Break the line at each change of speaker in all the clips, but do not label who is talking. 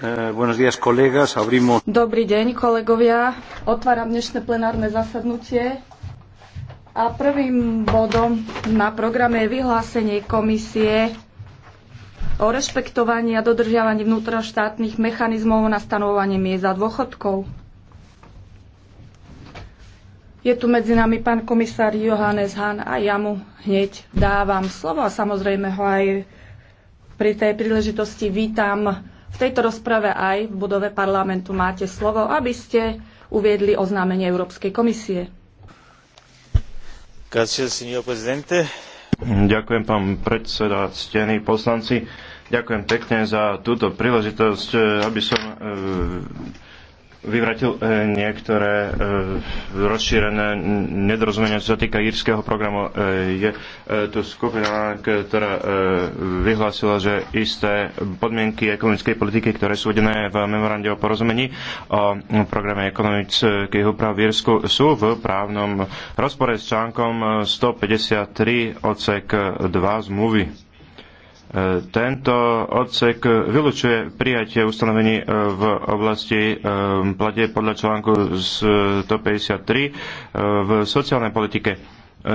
Eh,
Dobrý deň, kolegovia. Otváram dnešné plenárne zasadnutie. A prvým bodom na programe je vyhlásenie komisie o rešpektovaní a dodržiavaní vnútroštátnych mechanizmov na stanovovanie miest a dôchodkov. Je tu medzi nami pán komisár Johannes Hahn a ja mu hneď dávam slovo a samozrejme ho aj pri tej príležitosti vítam v tejto rozprave aj v budove parlamentu máte slovo, aby ste uviedli oznámenie Európskej komisie.
Ďakujem, pán predseda, ctení poslanci. Ďakujem pekne za túto príležitosť, aby som e, vyvratil e, niektoré e, rozšírené nedorozumenia, čo sa týka írskeho programu. E, je tu skupina, ktorá vyhlásila, že isté podmienky ekonomickej politiky, ktoré sú uvedené v memorande o porozumení o programe ekonomických úprav v Írsku, sú v právnom rozpore s článkom 153 odsek 2 zmluvy. Tento odsek vylučuje prijatie ustanovení e, v oblasti e, platie podľa článku 153 e, v sociálnej politike.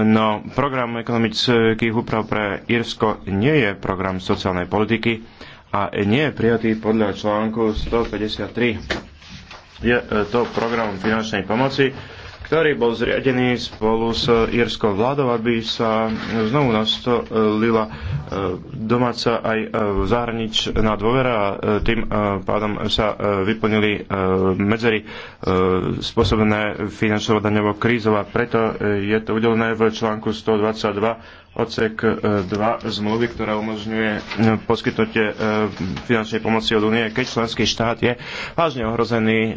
No program ekonomických úprav pre Írsko nie je program sociálnej politiky a nie je prijatý podľa článku 153. Je to program finančnej pomoci, ktorý bol zriadený spolu s írskou vládou, aby sa znovu nastolila E, domáca aj e, zahraničná dôvera a e, tým pádom sa vyplnili medzery spôsobené finančnou daňovou krízou a preto je to udelené v článku 122 odsek 2 zmluvy, ktorá umožňuje poskytnutie finančnej pomoci od únie, keď členský štát je vážne ohrozený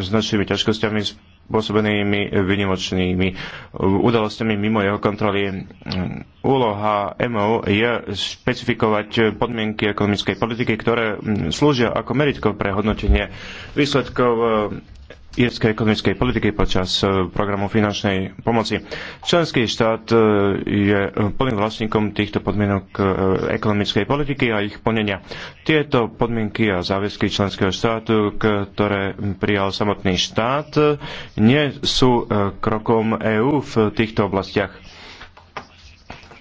značnými ťažkosťami spôsobenými vynimočnými udalostiami mimo jeho kontroly. Úloha MO je špecifikovať podmienky ekonomickej politiky, ktoré slúžia ako meritko pre hodnotenie výsledkov írskej ekonomickej politiky počas e, programu finančnej pomoci. Členský štát e, je plným vlastníkom týchto podmienok e, ekonomickej politiky a ich plnenia. Tieto podmienky a záväzky členského štátu, ktoré prijal samotný štát, nie sú krokom EÚ v týchto oblastiach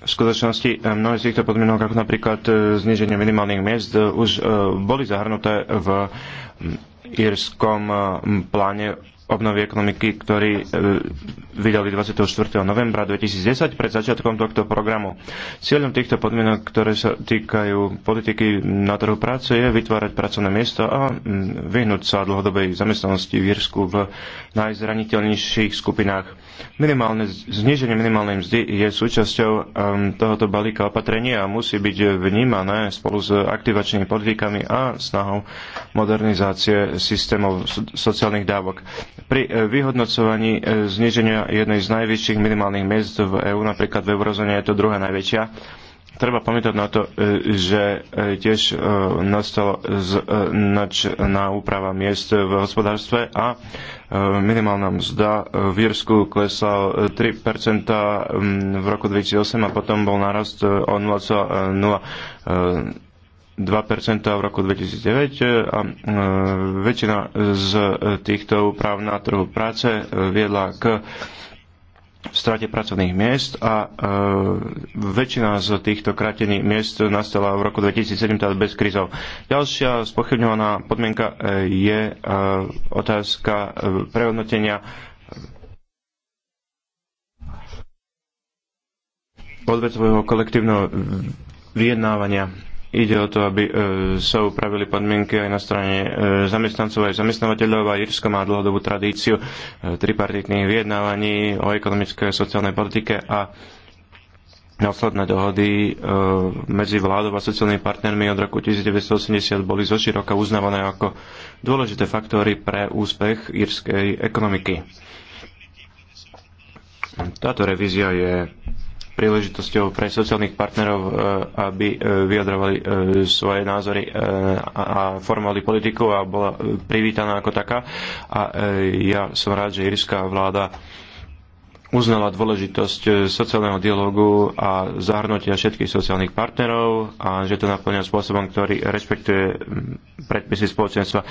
v skutočnosti mnohé z týchto podmienok, ako napríklad zniženie minimálnych miest, už boli zahrnuté v írskom eh, pláne obnovy ekonomiky, ktorý eh, vydali 24. novembra 2010 pred začiatkom tohto programu. Cieľom týchto podmienok, ktoré sa týkajú politiky na trhu práce, je vytvárať pracovné miesto a mm, vyhnúť sa dlhodobej zamestnanosti v Írsku v najzraniteľnejších skupinách. Minimálne zníženie minimálnej mzdy je súčasťou um, tohoto balíka opatrenia a musí byť vnímané spolu s aktivačnými politikami a snahou modernizácie systémov sociálnych dávok. Pri eh, vyhodnocovaní eh, zníženia jednej z najvyšších minimálnych miest v EÚ, napríklad v eurozóne je to druhá najväčšia, Treba pamätať na to, e, že e, tiež e, nastala značná úprava miest v hospodárstve a minimálna mzda v Írsku klesla 3% v roku 2008 a potom bol narast o 0,02% v roku 2009 a väčšina z týchto úprav na trhu práce viedla k strate pracovných miest a e, väčšina z týchto kratených miest nastala v roku 2007 teda bez krizov. Ďalšia spochybňovaná podmienka e, je e, otázka e, prehodnotenia e, odvetového kolektívneho vyjednávania Ide o to, aby e, sa upravili podmienky aj na strane e, zamestnancov aj zamestnávateľov a Írsko má dlhodobú tradíciu e, tripartitných vyjednávaní o ekonomickej a sociálnej politike a Následné dohody medzi vládou a sociálnymi partnermi od roku 1980 boli zoširoka uznávané ako dôležité faktory pre úspech írskej ekonomiky. Táto revízia je príležitosťou pre sociálnych partnerov, e, aby e, vyjadrovali e, svoje názory a formovali politiku a bola privítaná ako taká. A ja som rád, že írska vláda uznala dôležitosť e, sociálneho dialogu a zahrnutia všetkých sociálnych partnerov a že to naplňa spôsobom, ktorý rešpektuje mm, predpisy spoločenstva.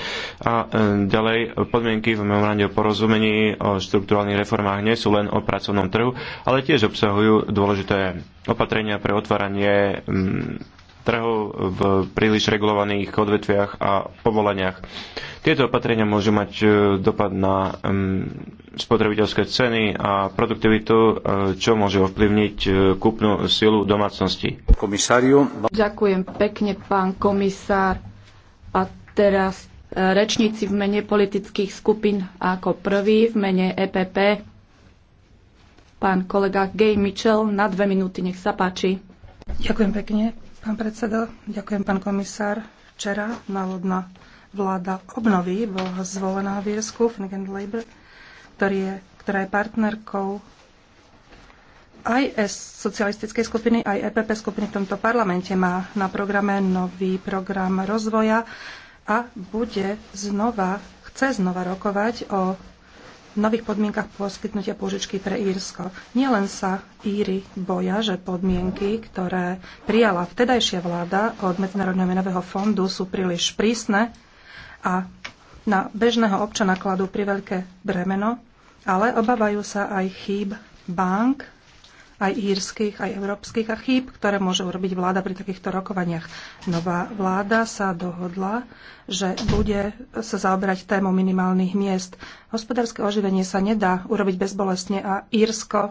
A e, ďalej podmienky v memorande o porozumení o štruktúrálnych reformách nie sú len o pracovnom trhu, ale tiež obsahujú dôležité opatrenia pre otváranie mm, trhov v príliš regulovaných odvetviach a povoleniach. Tieto opatrenia môžu mať e, dopad na mm, spotrebiteľské ceny a produktivitu, e, čo môže ovplyvniť e, kúpnu silu domácnosti. Komisáriu...
Ďakujem pekne, pán komisár. A teraz e, rečníci v mene politických skupín ako prvý v mene EPP. Pán kolega Gay Mitchell, na dve minúty, nech sa páči.
Ďakujem pekne, pán predseda. Ďakujem, pán komisár. Včera národná vláda obnovy bola zvolená v Írsku, Fingend Labour ktorý je, ktorá je partnerkou aj socialistickej skupiny, aj EPP skupiny v tomto parlamente má na programe nový program rozvoja a bude znova, chce znova rokovať o nových podmienkach poskytnutia pôžičky pre Írsko. Nielen sa Íry boja, že podmienky, ktoré prijala vtedajšia vláda od Medzinárodného menového fondu, sú príliš prísne a na bežného občana kladú veľké bremeno, ale obávajú sa aj chýb bank, aj írskych, aj európskych a chýb, ktoré môže urobiť vláda pri takýchto rokovaniach. Nová vláda sa dohodla, že bude sa zaoberať tému minimálnych miest. Hospodárske oživenie sa nedá urobiť bezbolestne a Írsko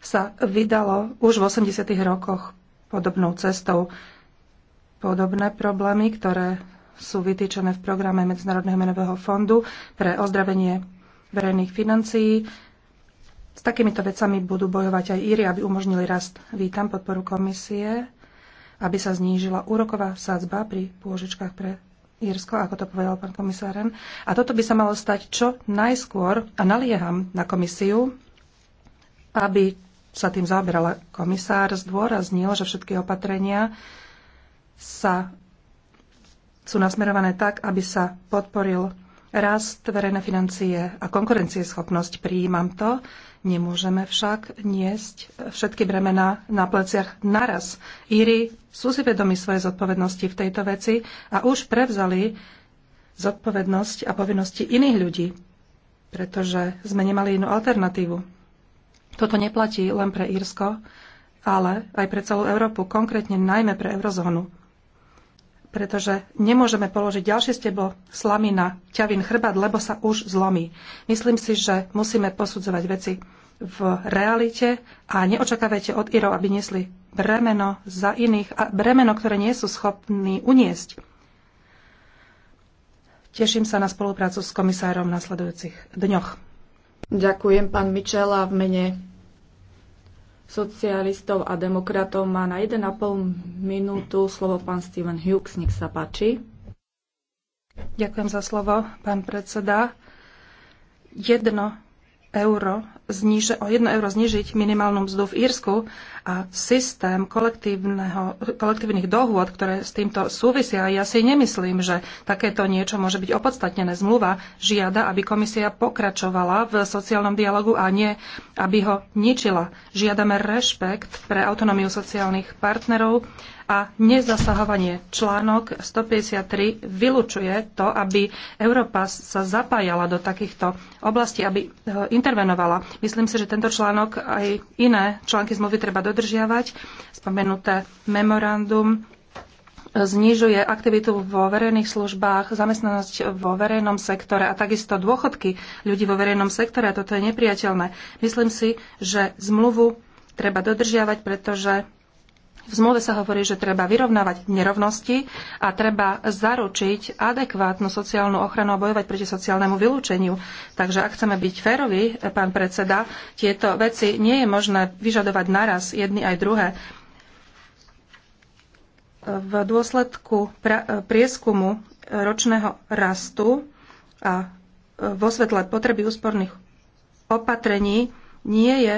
sa vydalo už v 80. rokoch podobnou cestou. Podobné problémy, ktoré sú vytýčené v programe Medzinárodného menového fondu pre ozdravenie verejných financií. S takýmito vecami budú bojovať aj Íry, aby umožnili rast. Vítam podporu komisie, aby sa znížila úroková sádzba pri pôžičkách pre Írsko, ako to povedal pán komisár. A toto by sa malo stať čo najskôr a nalieham na komisiu, aby sa tým zaoberala komisár, zdôraznil, že všetky opatrenia sa sú nasmerované tak, aby sa podporil rast verejné financie a konkurencieschopnosť. Prijímam to. Nemôžeme však niesť všetky bremena na pleciach naraz. Íry sú si vedomi svoje zodpovednosti v tejto veci a už prevzali zodpovednosť a povinnosti iných ľudí, pretože sme nemali inú alternatívu. Toto neplatí len pre Írsko, ale aj pre celú Európu, konkrétne najmä pre eurozónu pretože nemôžeme položiť ďalšie stebo slamy na ťavin chrbát, lebo sa už zlomí. Myslím si, že musíme posudzovať veci v realite a neočakávajte od Irov, aby nesli bremeno za iných a bremeno, ktoré nie sú schopní uniesť. Teším sa na spoluprácu s komisárom v nasledujúcich dňoch. Ďakujem, pán Mičela, v mene socialistov a demokratov má
na 1,5 minútu slovo pán Steven Hughes. Nech sa páči.
Ďakujem za slovo, pán predseda. Jedno euro zniž, o 1 euro znižiť minimálnu mzdu v Írsku a systém kolektívnych dohôd, ktoré s týmto súvisia, ja si nemyslím, že takéto niečo môže byť opodstatnené. Zmluva žiada, aby komisia pokračovala v sociálnom dialogu a nie, aby ho ničila. Žiadame rešpekt pre autonómiu sociálnych partnerov a nezasahovanie. Článok 153 vylučuje to, aby Európa sa zapájala do takýchto oblastí, aby e, intervenovala. Myslím si, že tento článok aj iné články zmluvy treba dodržiavať. Spomenuté memorandum e, znižuje aktivitu vo verejných službách, zamestnanosť vo verejnom sektore a takisto dôchodky ľudí vo verejnom sektore a toto je nepriateľné. Myslím si, že zmluvu treba dodržiavať, pretože v zmluve sa hovorí, že treba vyrovnávať nerovnosti a treba zaručiť adekvátnu sociálnu ochranu a bojovať proti sociálnemu vylúčeniu. Takže ak chceme byť férovi, pán predseda, tieto veci nie je možné vyžadovať naraz jedny aj druhé. V dôsledku prieskumu ročného rastu a vo svetle potreby úsporných opatrení nie je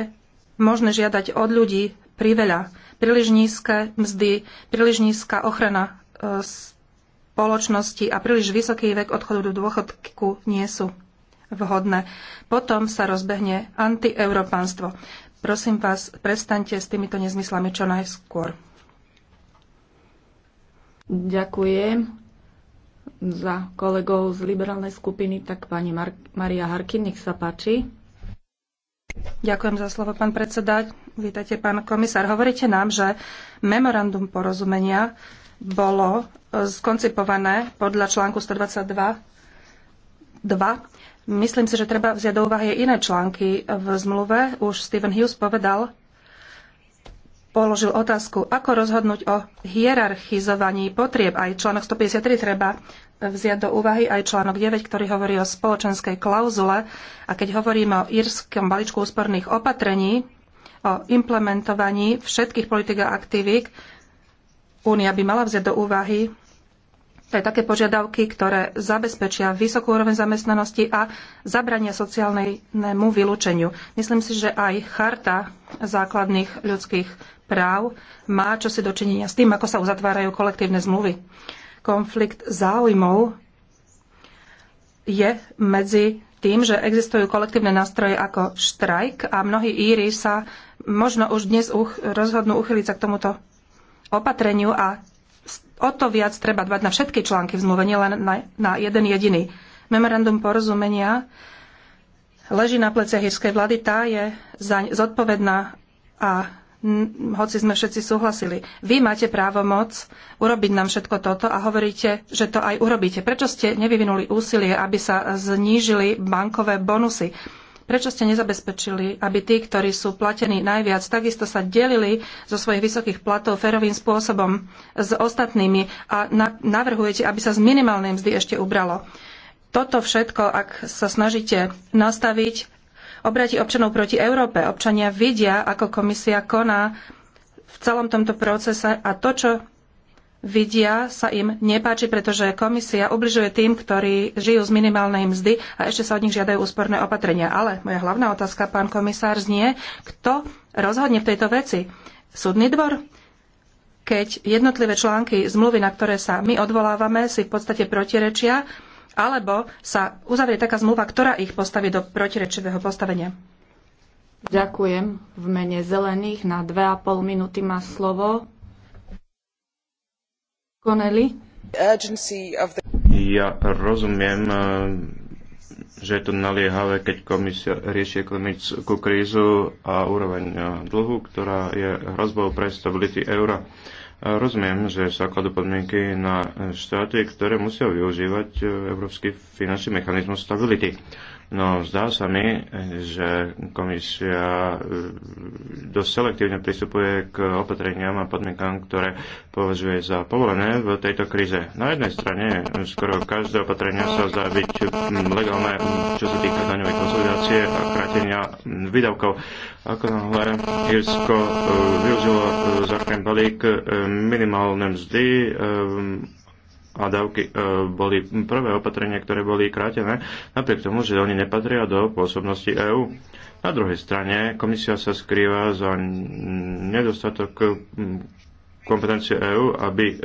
možné žiadať od ľudí priveľa príliš nízke mzdy, príliš nízka ochrana e, spoločnosti a príliš vysoký vek odchodu do dôchodku nie sú vhodné. Potom sa rozbehne antieuropanstvo. Prosím vás, prestaňte s týmito nezmyslami čo najskôr. Ďakujem za kolegov z liberálnej skupiny, tak pani Mar- Maria Harkin, nech sa páči. Ďakujem za slovo, pán predseda. Vítajte, pán komisár. Hovoríte nám, že memorandum porozumenia bolo e, skoncipované podľa článku 122 2. Myslím si, že treba vziať do úvahy iné články v zmluve. Už Stephen Hughes povedal, položil otázku, ako rozhodnúť o hierarchizovaní potrieb. Aj článok 153 treba vziať do úvahy, aj článok 9, ktorý hovorí o spoločenskej klauzule. A keď hovoríme o írskom balíčku úsporných opatrení, o implementovaní všetkých politik a aktivít, Únia by mala vziať do úvahy to je také požiadavky, ktoré zabezpečia vysokú úroveň zamestnanosti a zabrania sociálnemu vylúčeniu. Myslím si, že aj charta základných ľudských práv má čo si dočinenia s tým, ako sa uzatvárajú kolektívne zmluvy. Konflikt záujmov je medzi tým, že existujú kolektívne nástroje ako štrajk a mnohí íry sa možno už dnes rozhodnú uchyliť sa k tomuto opatreniu a o to viac treba dbať na všetky články v zmluve, nielen na, na jeden jediný. Memorandum porozumenia leží na pleciach írskej vlády, tá je zaň zodpovedná a hoci sme všetci súhlasili. Vy máte právomoc urobiť nám všetko toto a hovoríte, že to aj urobíte. Prečo ste nevyvinuli úsilie, aby sa znížili bankové bonusy? Prečo ste nezabezpečili, aby tí, ktorí sú platení najviac, takisto sa delili zo svojich vysokých platov ferovým spôsobom s ostatnými a navrhujete, aby sa z minimálnej mzdy ešte ubralo? Toto všetko, ak sa snažíte nastaviť, obratí občanov proti Európe. Občania vidia, ako komisia koná v celom tomto procese a to, čo vidia, sa im nepáči, pretože komisia ubližuje tým, ktorí žijú z minimálnej mzdy a ešte sa od nich žiadajú úsporné opatrenia. Ale moja hlavná otázka, pán komisár, znie, kto rozhodne v tejto veci? Súdny dvor? Keď jednotlivé články zmluvy, na ktoré sa my odvolávame, si v podstate protirečia, alebo sa uzavrie taká zmluva, ktorá ich postaví do protirečivého postavenia?
Ďakujem. V mene zelených na 2,5 minúty má slovo
Connelly.
Ja rozumiem, eh, že je to naliehavé, keď komisia rieši ekonomickú krízu a úroveň eh, dlhu, ktorá je hrozbou pre stability eura. Rozumiem, že sa kladú podmienky na štáty, ktoré musia využívať eh, Európsky finančný mechanizmus stability. No zdá sa mi, že komisia e, dosť selektívne pristupuje k opatreniam a podmienkám, ktoré považuje za povolené v tejto kríze. Na jednej strane skoro každé opatrenie sa zdá byť legálne, čo sa týka daňovej konsolidácie a krátenia výdavkov. Ako náhle Irsko e, využilo e, záchranný balík minimálne mzdy, a dávky e, boli prvé opatrenia, ktoré boli krátené, napriek tomu, že oni nepatria do pôsobnosti EÚ. Na druhej strane, komisia sa skrýva za nedostatok kompetencie EÚ, aby e,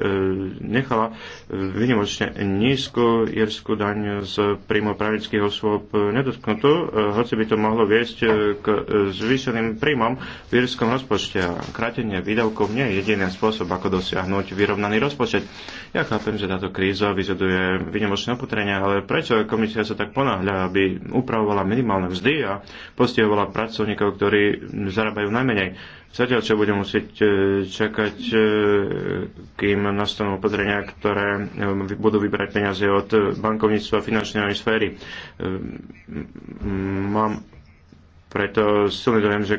nechala e, vynimočne nízku jerskú daň z príjmu právnických osôb nedotknutú, e, hoci by to mohlo viesť k zvýšeným príjmom v jerskom rozpočte. A krátenie výdavkov nie je jediný spôsob, ako dosiahnuť vyrovnaný rozpočet. Ja chápem, že táto kríza vyžaduje vynimočné opatrenia, ale prečo komisia sa tak ponáhľa, aby upravovala minimálne vzdy a postihovala pracovníkov, ktorí zarábajú najmenej? Zatiaľ, čo budem musieť čakať kým nastanú opatrenia, ktoré eh, budú vybrať peniaze od bankovníctva a finančnej sféry. Eh, mám preto silný dojem, že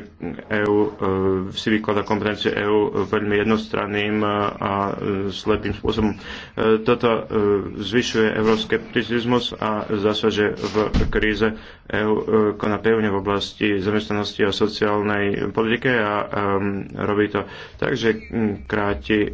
EU e, si vyklada kompetencie EU veľmi jednostranným e, a e, slepým spôsobom. Toto zvyšuje euroskepticizmus a zase, že v kríze EU koná pevne v oblasti zamestnanosti a sociálnej politike a robí to tak, že kráti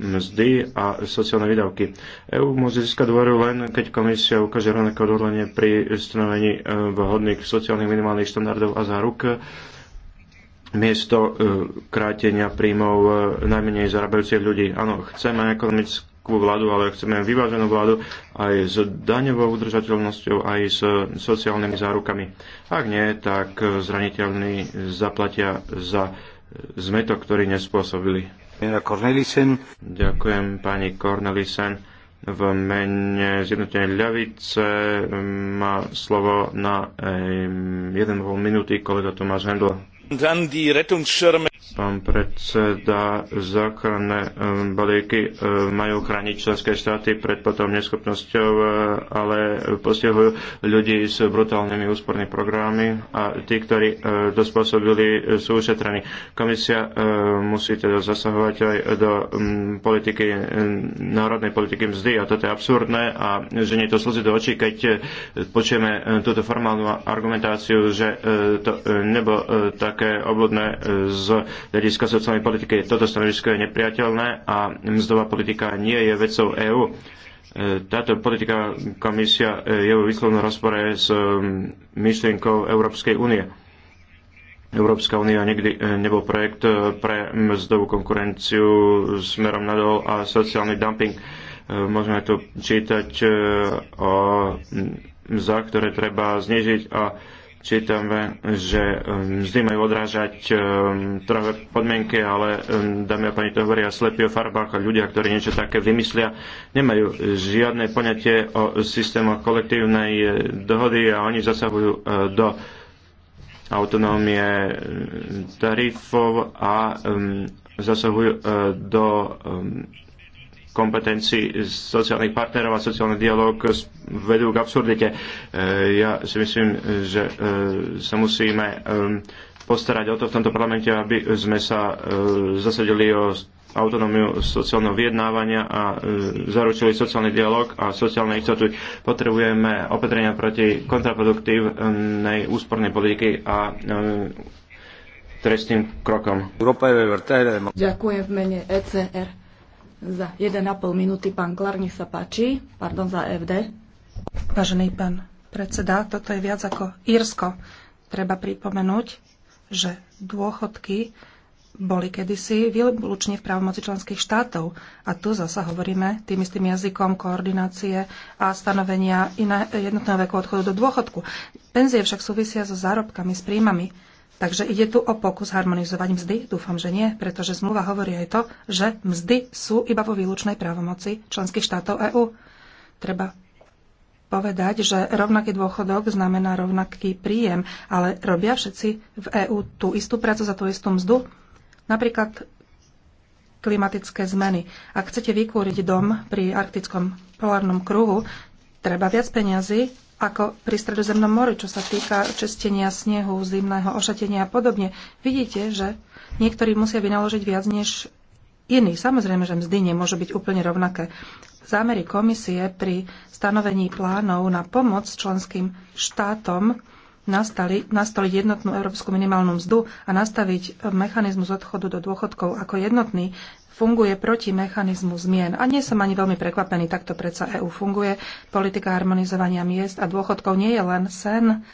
mzdy a sociálne výdavky. EÚ môže získať dôveru len, keď komisia ukáže rovnaké odhodlanie pri stanovení e, vhodných sociálnych minimálnych štandardov a záruk e, miesto e, krátenia príjmov najmenej zarábajúcich ľudí. Áno, chceme ekonomické vládu, ale chceme vyváženú vládu aj s daňovou udržateľnosťou, aj s sociálnymi zárukami. Ak nie, tak zraniteľní zaplatia za zmetok, ktorý nespôsobili. Ďakujem pani Cornelissen. V mene zjednotenej ľavice mm, má slovo na 1,5 minúty kolega Tomáš Hendl pán predseda, záchranné ehm, balíky ehm, majú chrániť členské štáty pred potom neschopnosťou, e, ale postihujú ľudí s brutálnymi úspornými programy a tí, ktorí e, to spôsobili, sú ušetrení. Komisia e, musí teda zasahovať aj do politiky, národnej politiky mzdy a toto je absurdné a že nie to slzy do očí, keď počujeme túto formálnu argumentáciu, že to nebo také obľudné z hľadiska sociálnej politiky. Toto stanovisko je nepriateľné a mzdová politika nie je vecou EÚ e, táto politika komisia e, je v výslovnom rozpore s e, myšlienkou Európskej únie. Európska únia nikdy nebol projekt pre mzdovú konkurenciu smerom nadol a sociálny dumping. Môžeme tu čítať o mzdách, ktoré treba znižiť a čítame, že um, vždy majú odrážať um, trhové podmienky, ale um, dámy a pani to hovoria slepí o farbách a ľudia, ktorí niečo také vymyslia, nemajú žiadne poňatie o systémoch kolektívnej e, dohody a oni zasahujú e, do autonómie e, tarifov a zasahujú do kompetencií sociálnych partnerov a sociálny dialog vedú k absurdite. E, ja si myslím, že e, sa musíme postarať o to v tomto parlamente, aby sme sa e, zasadili o autonómiu sociálneho vyjednávania a zaručili sociálny dialog a sociálne istotu. Potrebujeme opatrenia proti kontraproduktívnej úspornej politiky a trestným krokom.
Ďakujem v mene ECR. Za 1,5 minúty pán Klar, nech sa páči.
Pardon, za FD. E Vážený pán predseda, toto je viac ako Írsko. Treba pripomenúť, že dôchodky boli kedysi výlučne v právomoci členských štátov. A tu zasa hovoríme tým istým jazykom koordinácie a stanovenia iné, jednotného veku odchodu do dôchodku. Penzie však súvisia so zárobkami, s príjmami. Takže ide tu o pokus harmonizovať mzdy? Dúfam, že nie, pretože zmluva hovorí aj to, že mzdy sú iba vo výlučnej právomoci členských štátov EÚ. Treba povedať, že rovnaký dôchodok znamená rovnaký príjem, ale robia všetci v EÚ tú istú prácu za tú istú mzdu? Napríklad klimatické zmeny. Ak chcete vykúriť dom pri arktickom polárnom kruhu, treba viac peňazí ako pri Stredozemnom mori, čo sa týka čestenia snehu, zimného ošatenia a podobne. Vidíte, že niektorí musia vynaložiť viac než iní. Samozrejme, že mzdy nemôžu byť úplne rovnaké. Zámery komisie pri stanovení plánov na pomoc členským štátom nastali, nastoliť jednotnú európsku minimálnu mzdu a nastaviť mechanizmus odchodu do dôchodkov ako jednotný funguje proti mechanizmu zmien. A nie som ani veľmi prekvapený, takto predsa EÚ funguje. Politika harmonizovania miest a dôchodkov nie je len sen.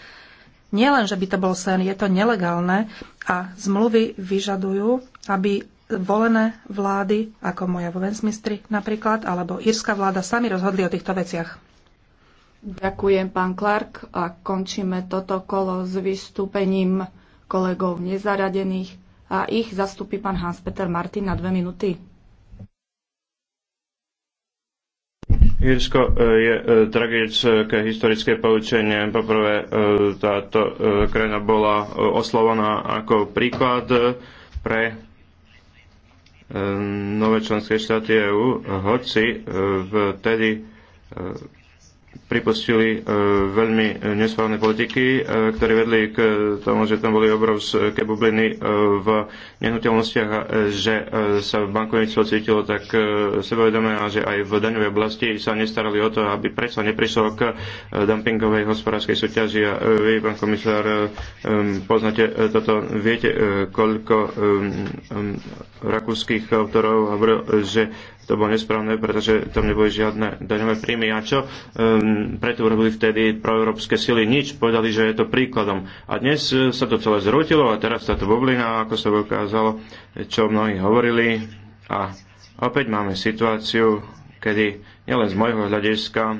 Nie len, že by to bol sen, je to nelegálne a zmluvy vyžadujú, aby volené vlády, ako moja vo Westminstri napríklad, alebo írska vláda, sami rozhodli o týchto veciach. Ďakujem, pán Clark, a končíme toto kolo
s vystúpením kolegov nezaradených a ich zastupí pán Hans-Peter Martin na dve minúty.
Jirsko, e, je e, tragické historické poučenie. Poprvé, e, táto krajina bola oslovaná ako príklad pre nové členské štáty EÚ, hoci vtedy pripustili e, veľmi e, nesprávne politiky, e, ktoré vedli k tomu, že tam boli obrovské bubliny v nehnuteľnostiach a že sa bankovníctvo cítilo tak sebavedomé a že aj v daňovej oblasti sa nestarali o to, aby predsa neprišlo k dumpingovej hospodárskej súťaži. A vy, pán komisár, poznáte toto, viete, koľko rakúskych autorov hovoril, že to bolo nesprávne, pretože tam neboli žiadne daňové príjmy. A čo um, ehm, preto urobili vtedy proeurópske sily? Nič. Povedali, že je to príkladom. A dnes e, sa to celé zrútilo a teraz táto bublina, ako sa ukázalo, čo mnohí hovorili. A opäť máme situáciu, kedy nielen z môjho hľadiska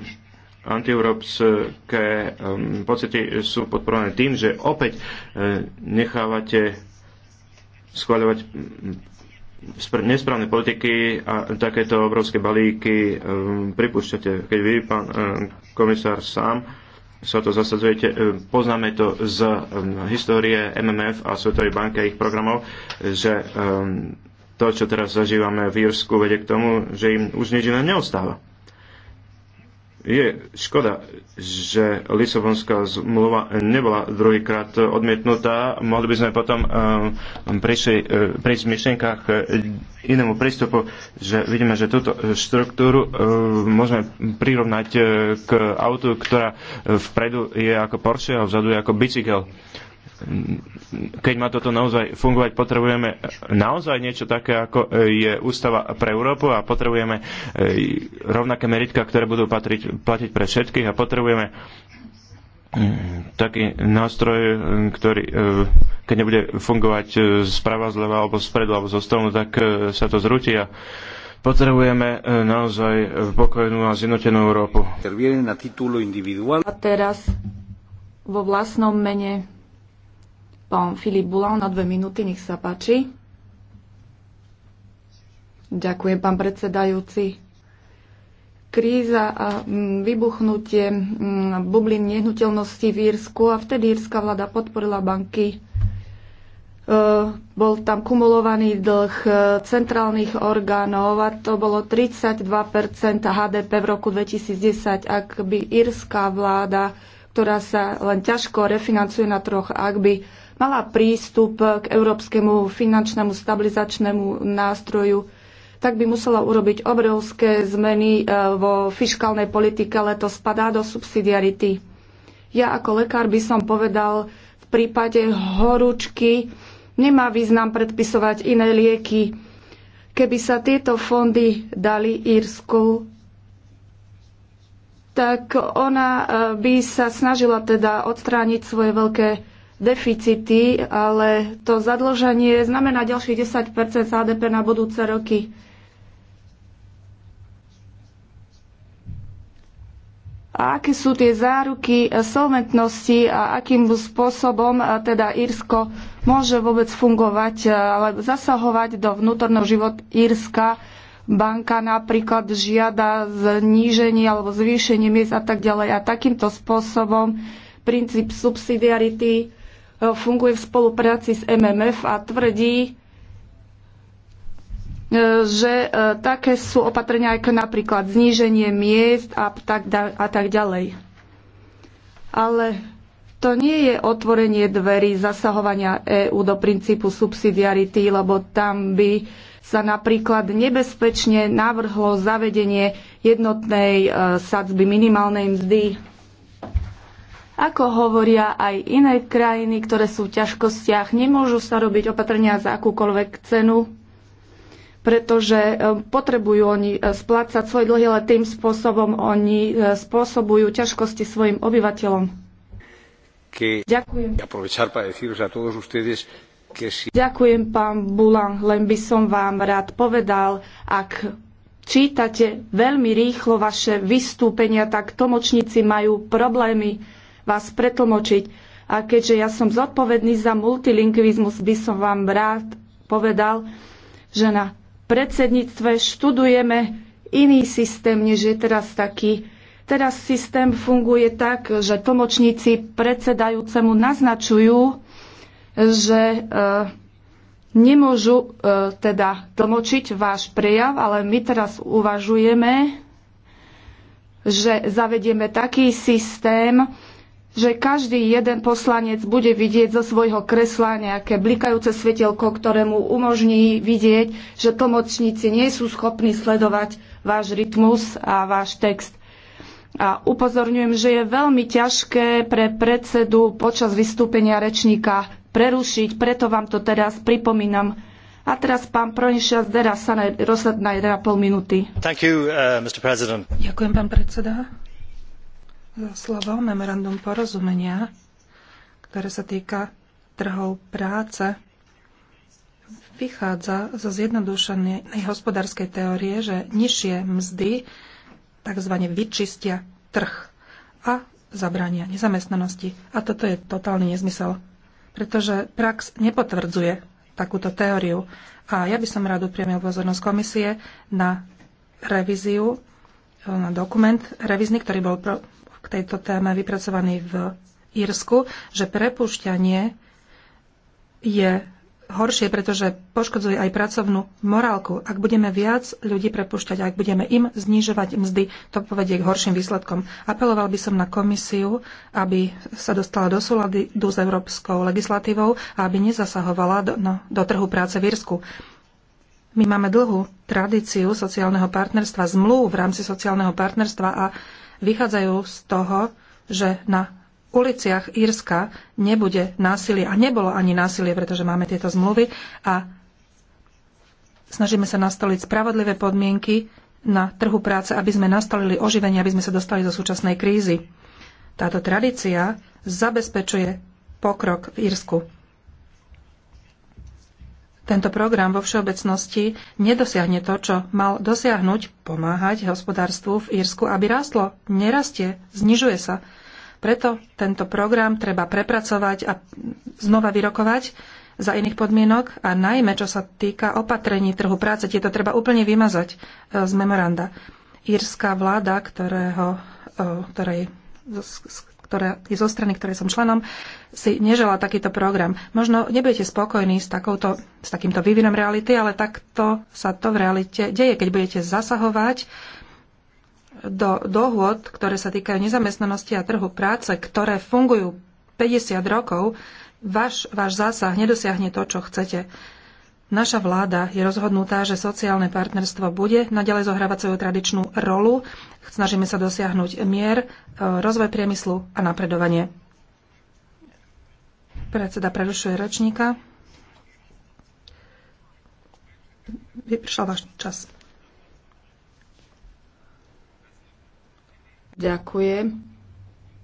antieurópske um, pocity sú podporované tým, že opäť e, nechávate schváľovať nesprávne politiky a takéto obrovské balíky ehm, pripúšťate. Keď vy, pán ehm, komisár, sám sa to zasadzujete, ehm, poznáme to z histórie MMF a Svetovej banky a ich programov, že to, čo teraz zažívame v Írsku, vedie k tomu, že im už nič iné neostáva. Je škoda, že Lisabonská zmluva nebola druhýkrát odmietnutá. Mohli by sme potom um, ehm, prišli, uh, eh, prísť v myšlienkach eh, inému prístupu, že vidíme, že túto štruktúru ehm, môžeme prirovnať eh, k autu, ktorá vpredu je ako Porsche a vzadu je ako bicykel keď má toto naozaj fungovať, potrebujeme naozaj niečo také, ako e, je ústava pre Európu a potrebujeme e, rovnaké meritka, ktoré budú patriť, platiť pre všetkých a potrebujeme mm, taký nástroj, e, ktorý keď nebude fungovať sprava zleva alebo spredu alebo zo stromu, tak sa to zrúti a potrebujeme naozaj pokojnú a zjednotenú
Európu. A
teraz vo vlastnom mene Pán Filip Bulal na dve minúty, nech sa páči. Ďakujem, pán predsedajúci. Kríza a vybuchnutie bublin nehnuteľnosti v Írsku a vtedy írska vláda podporila banky. E, bol tam kumulovaný dlh e, centrálnych orgánov a to bolo 32 HDP v roku 2010. Ak by írska vláda, ktorá sa len ťažko refinancuje na troch, ak by mala prístup k európskemu finančnému stabilizačnému nástroju, tak by musela urobiť obrovské zmeny e, vo fiskálnej politike, ale to spadá do subsidiarity. Ja ako lekár by som povedal, v prípade horúčky nemá význam predpisovať iné lieky. Keby sa tieto fondy dali Írsku, tak ona e, by sa snažila teda odstrániť svoje veľké deficity, ale to zadlženie znamená ďalších 10 z HDP na budúce roky. A aké sú tie záruky solventnosti a akým spôsobom teda Írsko môže vôbec fungovať alebo zasahovať do vnútorného život Írska? Banka napríklad žiada zníženie alebo zvýšenie miest a tak ďalej. A takýmto spôsobom princíp subsidiarity funguje v spolupráci s MMF a tvrdí, e, že e, také sú opatrenia ako napríklad zníženie miest a tak, a tak ďalej. Ale to nie je otvorenie dverí zasahovania EÚ do princípu subsidiarity, lebo tam by sa napríklad nebezpečne navrhlo zavedenie jednotnej e, sadzby minimálnej mzdy ako hovoria aj iné krajiny, ktoré sú v ťažkostiach, nemôžu sa robiť opatrenia za akúkoľvek cenu, pretože e, potrebujú oni e, splácať svoje dlhy, ale tým spôsobom oni e, spôsobujú ťažkosti svojim obyvateľom. Que... Ďakujem.
Ustedes, si...
Ďakujem, pán Bulan, len by som vám rád povedal, ak čítate veľmi rýchlo vaše vystúpenia, tak tomočníci majú problémy vás pretlmočiť. A keďže ja som zodpovedný za multilingvizmus, by som vám rád povedal, že na predsedníctve študujeme iný systém, než je teraz taký. Teraz systém funguje tak, že tlmočníci predsedajúcemu naznačujú, že e, nemôžu e, teda tlmočiť váš prejav, ale my teraz uvažujeme, že zavedieme taký systém, že každý jeden poslanec bude vidieť zo svojho kresla nejaké blikajúce ktoré ktorému umožní vidieť, že tlmočníci nie sú schopní sledovať váš rytmus a váš text. A upozorňujem, že je veľmi ťažké pre predsedu počas vystúpenia rečníka prerušiť, preto vám to teraz pripomínam. A teraz pán Pronišia
Zdera sa na 1,5 minúty.
You, uh,
Ďakujem, pán predseda. No, slovo memorandum porozumenia, ktoré sa týka trhov práce, vychádza zo zjednodušenej hospodárskej teórie, že nižšie mzdy tzv. vyčistia trh a zabrania nezamestnanosti. A toto je totálny nezmysel, pretože prax nepotvrdzuje takúto teóriu. A ja by som rád upriamil pozornosť komisie na revíziu, na dokument revízny, ktorý bol tejto téme vypracovaný v Írsku, že prepušťanie je horšie, pretože poškodzuje aj pracovnú morálku. Ak budeme viac ľudí prepušťať, ak budeme im znižovať mzdy, to povedie k horším výsledkom. Apeloval by som na komisiu, aby sa dostala do súladu s európskou legislatívou a aby nezasahovala do, no, do trhu práce v Írsku. My máme dlhú tradíciu sociálneho partnerstva, zmluv v rámci sociálneho partnerstva a vychádzajú z toho, že na uliciach Írska nebude násilie a nebolo ani násilie, pretože máme tieto zmluvy a snažíme sa nastoliť spravodlivé podmienky na trhu práce, aby sme nastolili oživenie, aby sme sa dostali do súčasnej krízy. Táto tradícia zabezpečuje pokrok v Írsku tento program vo všeobecnosti nedosiahne to, čo mal dosiahnuť, pomáhať hospodárstvu v Írsku, aby rástlo. Nerastie, znižuje sa. Preto tento program treba prepracovať a znova vyrokovať za iných podmienok a najmä, čo sa týka opatrení trhu práce, tieto treba úplne vymazať e, z memoranda. Írska vláda, ktorého, e, ktorej ktoré, zo strany, ktoré som členom, si nežela takýto program. Možno nebudete spokojní s, takouto, s takýmto vývinom reality, ale takto sa to v realite deje, keď budete zasahovať do dohôd, ktoré sa týkajú nezamestnanosti a trhu práce, ktoré fungujú 50 rokov, váš, váš zásah nedosiahne to, čo chcete. Naša vláda je rozhodnutá, že sociálne partnerstvo bude naďalej zohrávať svoju tradičnú rolu. Snažíme sa dosiahnuť mier, e, rozvoj priemyslu a napredovanie. Predseda prerušuje rečníka. Vypršal váš čas.
Ďakujem.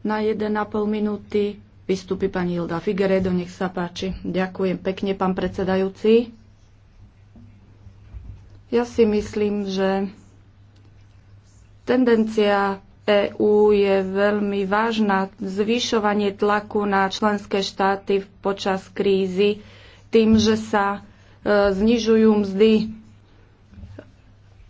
Na 1,5 minúty vystúpi pani Hilda Figueredo. Nech sa páči. Ďakujem pekne, pán predsedajúci. Ja si myslím, že tendencia EÚ je veľmi vážna. Zvyšovanie tlaku na členské štáty počas krízy tým, že sa e, znižujú mzdy.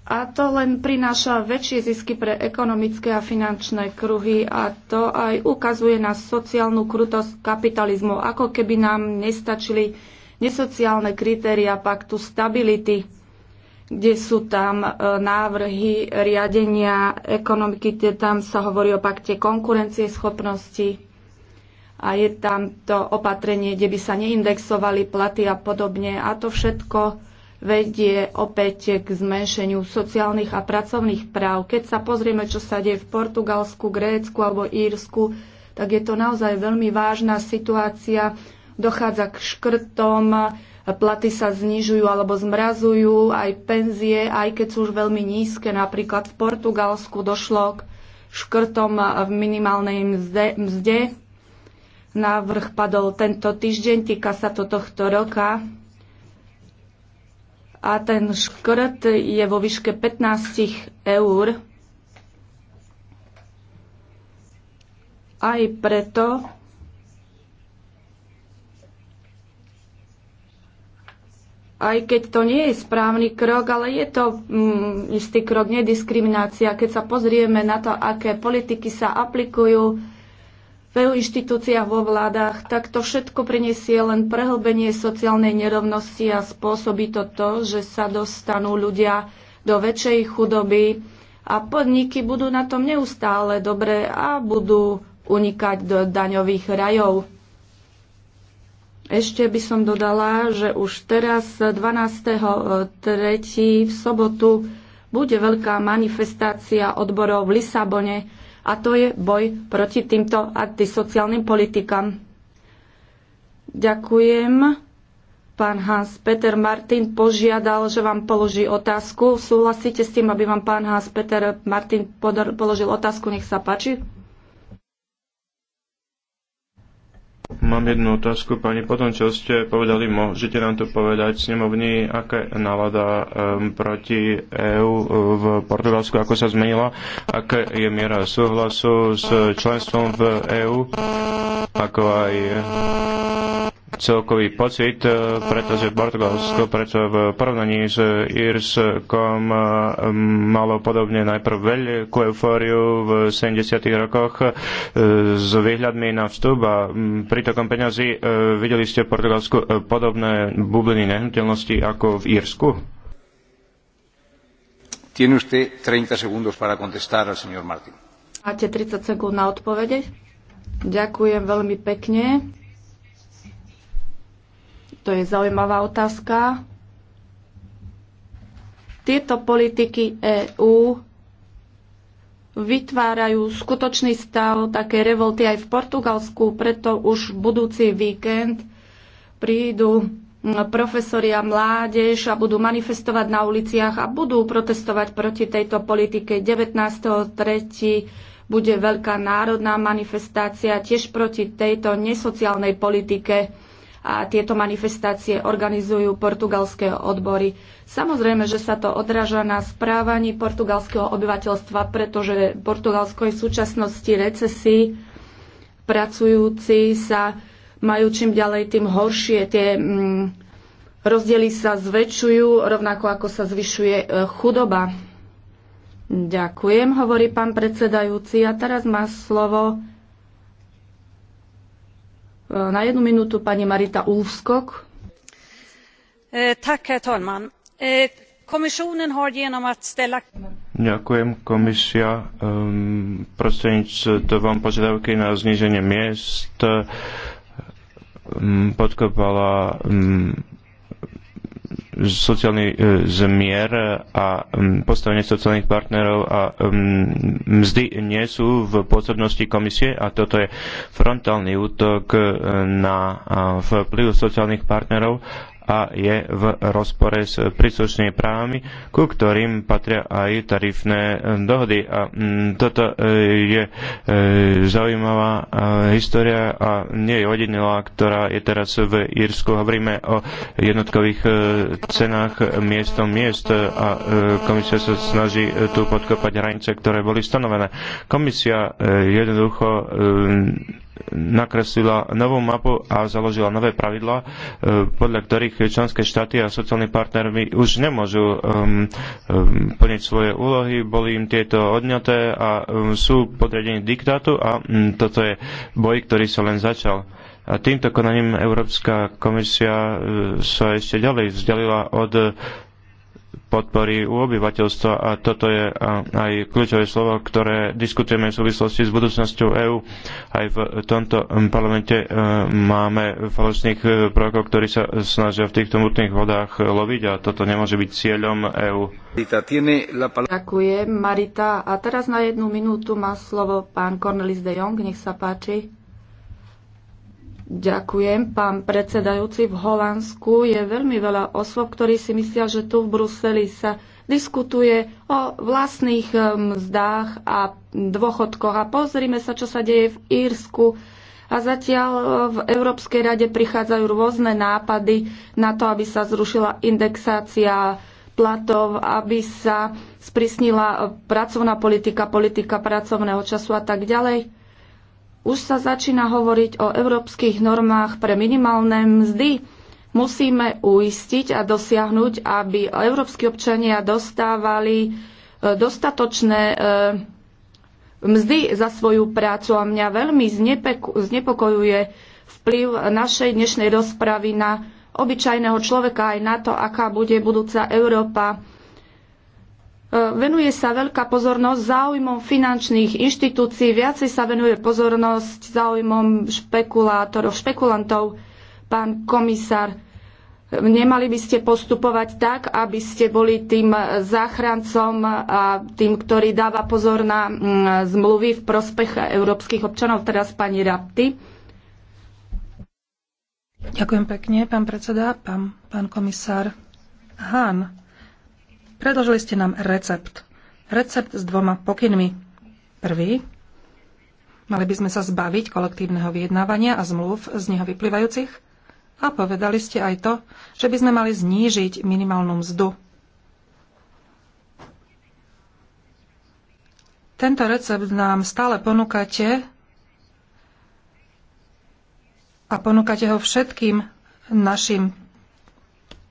A to len prináša väčšie zisky pre ekonomické a finančné kruhy a to aj ukazuje na sociálnu krutosť kapitalizmu, ako keby nám nestačili nesociálne kritéria paktu stability kde sú tam e, návrhy riadenia ekonomiky, kde tam sa hovorí o pakte konkurencie schopnosti a je tam to opatrenie, kde by sa neindexovali platy a podobne. A to všetko vedie opäť k zmenšeniu sociálnych a pracovných práv. Keď sa pozrieme, čo sa deje v Portugalsku, Grécku alebo Írsku, tak je to naozaj veľmi vážna situácia. Dochádza k škrtom, platy sa znižujú alebo zmrazujú, aj penzie, aj keď sú už veľmi nízke. Napríklad v Portugalsku došlo k škrtom v minimálnej mzde, mzde. Návrh padol tento týždeň, týka sa to tohto roka. A ten škrt je vo výške 15 eur. Aj preto, aj keď to nie je správny krok, ale je to mm, istý krok nediskriminácia. Keď sa pozrieme na to, aké politiky sa aplikujú v inštitúciách, vo vládach, tak to všetko prinesie len prehlbenie sociálnej nerovnosti a spôsobí to to, že sa dostanú ľudia do väčšej chudoby a podniky budú na tom neustále dobre a budú unikať do daňových rajov. Ešte by som dodala, že už teraz 12.3. v sobotu bude veľká manifestácia odborov v Lisabone a to je boj proti týmto antisociálnym politikám. Ďakujem. Pán Hans Peter Martin požiadal, že vám položí otázku. Súhlasíte s tým, aby vám pán Hans Peter Martin položil otázku? Nech sa páči.
Mám jednu otázku, pani. potom, čo ste povedali, môžete nám to povedať snemovni, aká je nálada um, proti EÚ v Portugalsku, ako sa zmenila, aká je miera súhlasu s členstvom v EÚ, ako aj celkový pocit, e, pretože Portugalsko preto v porovnaní s Írskom e, malo podobne najprv veľkú eufóriu v 70. rokoch e, s výhľadmi na vstup a prítokom peňazí videli ste v Portugalsku podobné bubliny nehnuteľnosti ako v Írsku? Tiene usted 30 segundos para contestar al señor Martín.
Máte 30 sekúnd na odpovede. Ďakujem veľmi pekne. To je zaujímavá otázka. Tieto politiky EÚ vytvárajú skutočný stav také revolty aj v Portugalsku, preto už budúci víkend prídu mm, profesori a mládež a budú manifestovať na uliciach a budú protestovať proti tejto politike. 19.3. bude veľká národná manifestácia tiež proti tejto nesociálnej politike a tieto manifestácie organizujú portugalské odbory. Samozrejme, že sa to odráža na správaní portugalského obyvateľstva, pretože Portugalsko je v súčasnosti recesí pracujúci sa majú čím ďalej tým horšie, tie mm, rozdiely sa zväčšujú, rovnako ako sa zvyšuje e, chudoba. Ďakujem, hovorí pán predsedajúci. A teraz má slovo na jednu minútu pani Marita Ulfskog. E, tak, herr Tolman. E, kommissionen har genom att ställa...
Ďakujem, komisia. Um, prostredníctvom požiadavky na zníženie miest um, podkopala um, sociálny e, zmier a postavenie sociálnych partnerov a mzdy nie sú v pôsobnosti komisie a toto je frontálny útok e, na vplyv sociálnych partnerov a je v rozpore s príslušnými právami, ku ktorým patria aj tarifné eh, dohody. A mm, toto eh, je eh, zaujímavá história a nie je ojedinelá, ktorá je teraz v Írsku. Hovoríme o jednotkových cenách miestom miest a komisia sa snaží tu podkopať hranice, ktoré boli stanovené. Komisia jednoducho nakreslila novú mapu a založila nové pravidlá, e, podľa ktorých členské štáty a sociálni partnermi už nemôžu um, um, plniť svoje úlohy, boli im tieto odňaté a um, sú podriadení diktátu a um, toto je boj, ktorý sa len začal. A týmto konaním Európska komisia e, sa ešte ďalej vzdialila od podpory u obyvateľstva a toto je aj kľúčové slovo, ktoré diskutujeme v súvislosti s budúcnosťou EÚ. Aj v tomto parlamente e, máme falošných e, prvkov, ktorí sa snažia v týchto mutných vodách e, loviť a toto nemôže byť cieľom EÚ.
Ďakujem, Marita. A teraz na jednu minútu má slovo pán Cornelis de Jong, nech sa páči. Ďakujem, pán predsedajúci. V Holandsku je veľmi veľa osôb, ktorí si myslia, že tu v Bruseli sa diskutuje o vlastných eh, mzdách a dôchodkoch. A pozrime sa, čo sa deje v Írsku. A zatiaľ eh, v Európskej rade prichádzajú rôzne nápady na to, aby sa zrušila indexácia platov, aby sa sprísnila eh, pracovná politika, politika pracovného času a tak ďalej. Už sa začína hovoriť o európskych normách pre minimálne mzdy. Musíme uistiť a dosiahnuť, aby európsky občania dostávali e, dostatočné e, mzdy za svoju prácu a mňa veľmi znepokojuje vplyv našej dnešnej rozpravy na obyčajného človeka aj na to, aká bude budúca Európa E, venuje sa veľká pozornosť záujmom finančných inštitúcií, viacej sa venuje pozornosť záujmom špekulátorov, špekulantov. Pán komisár, nemali by ste postupovať tak, aby ste boli tým záchrancom a tým, ktorý dáva pozor na mm, zmluvy v prospech európskych občanov. Teraz pani Rapty.
Ďakujem pekne, pán predseda, pán, pán komisár Hahn Predložili ste nám recept. Recept s dvoma pokynmi. Prvý. Mali by sme sa zbaviť kolektívneho vyjednávania a zmluv z neho vyplývajúcich. A povedali ste aj to, že by sme mali znížiť minimálnu mzdu. Tento recept nám stále ponúkate a ponúkate ho všetkým našim,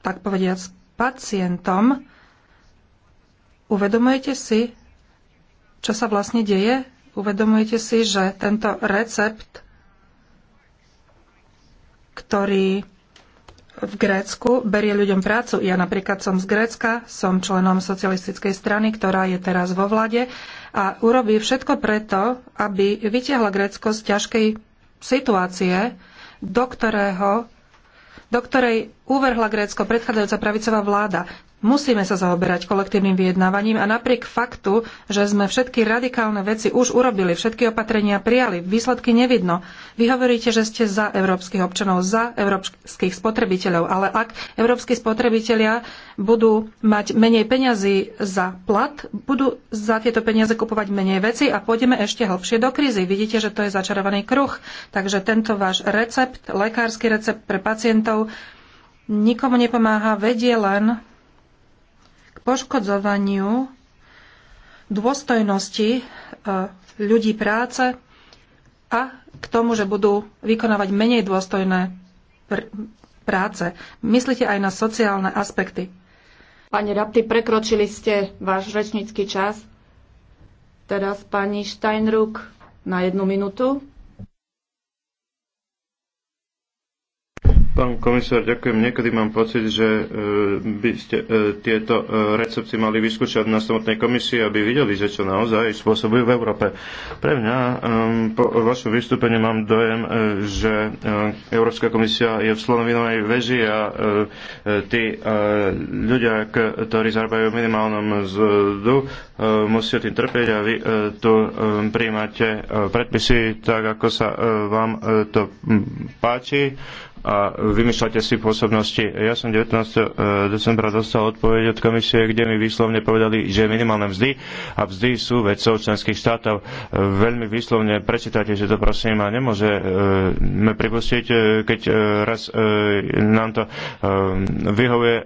tak povediac, pacientom, Uvedomujete si, čo sa vlastne deje? Uvedomujete si, že tento recept, ktorý v Grécku berie ľuďom prácu. Ja napríklad som z Grécka, som členom socialistickej strany, ktorá je teraz vo vlade a urobí všetko preto, aby vytiahla Grécko z ťažkej situácie, do, ktorého, do ktorej uvrhla Grécko predchádzajúca pravicová vláda. Musíme sa zaoberať kolektívnym vyjednávaním a napriek faktu, že sme všetky radikálne veci už urobili, všetky opatrenia prijali, výsledky nevidno. Vy hovoríte, že ste za európskych občanov, za európskych spotrebiteľov, ale ak európsky spotrebitelia budú mať menej peňazí za plat, budú za tieto peniaze kupovať menej veci a pôjdeme ešte hlbšie do krízy. Vidíte, že to je začarovaný kruh. Takže tento váš recept, lekársky recept pre pacientov, nikomu nepomáha, vedie len poškodzovaniu dôstojnosti e, ľudí práce a k tomu, že budú vykonávať menej dôstojné pr- práce. Myslíte aj na sociálne aspekty. Pani Rapty,
prekročili ste váš rečnícky čas. Teraz pani Steinruck na jednu minútu.
Pán komisár, ďakujem. Niekedy mám pocit, že e, by ste e, tieto e, recepty mali vyskúšať na samotnej komisii, aby videli, že čo naozaj spôsobujú v Európe. Pre mňa po vašom vystúpení mám dojem, že Európska komisia je v slonovinovej veži a tí ľudia, ktorí zarábajú minimálnom zdu, musia tým trpieť a vy tu príjmate predpisy tak, ako sa vám to páči a vymýšľate si pôsobnosti. Ja som 19. E, decembra dostal odpoveď od komisie, kde mi výslovne povedali, že minimálne mzdy a mzdy sú vecou členských štátov. E, veľmi výslovne prečítate, že to prosím a e, me pripustiť, keď raz nám to vyhovuje,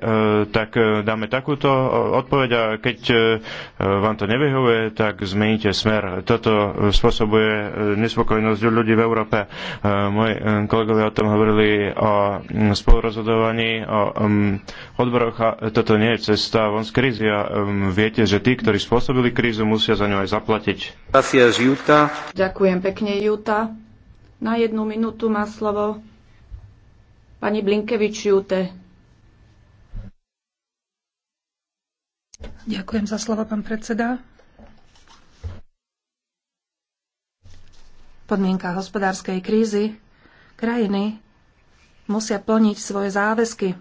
tak dáme takúto odpoveď a keď vám to nevyhovuje, tak zmeníte smer. Toto spôsobuje nespokojnosť ľudí v Európe. Moji kolegovia o tom hovorili o mm, spolurozhodovaní, o mm, odboroch a toto nie je cesta von z krízy a mm, viete, že tí, ktorí spôsobili krízu, musia za ňu aj zaplatiť.
Ďakujem pekne, Juta. Na jednu minútu má slovo
pani Blinkevič Jute. Ďakujem za slovo, pán predseda. Podmienka hospodárskej krízy krajiny musia plniť svoje záväzky.